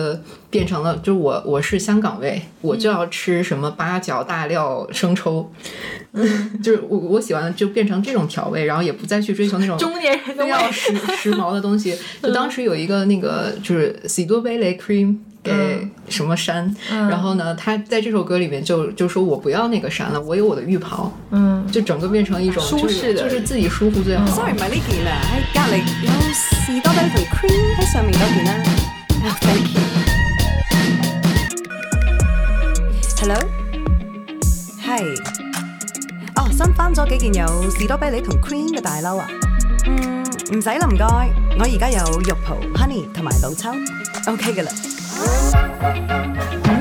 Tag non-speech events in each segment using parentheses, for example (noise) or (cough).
呃，變成了，就我我是香港味，我就要吃什麼八角大料生抽，嗯、 (laughs) 就是我我喜歡就變成這種調味，然後也不再去追求那種中年人都要時 (laughs) 時髦的東西。就當時有一個那個就是士多啤梨 cream 給什麼衫、嗯嗯、然後呢，他在這首歌裏面就就說我不要那個衫了，我有我的浴袍，嗯，就整個變成一種、就是、舒適的就是自己舒服最好。Sorry，唔係呢件啊，喺隔籬有士多啤梨同 cream 喺上 Thank you. Hello. 係，哦，新返咗幾件有士多啤梨同 cream 嘅大褸啊。嗯，唔使啦，唔該。我而家有玉蒲、honey 同埋老抽，OK 㗎啦。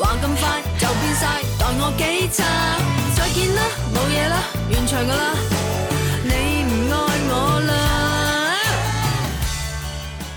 話咁快就變晒，待我幾差？再見啦，冇嘢啦，完場噶啦。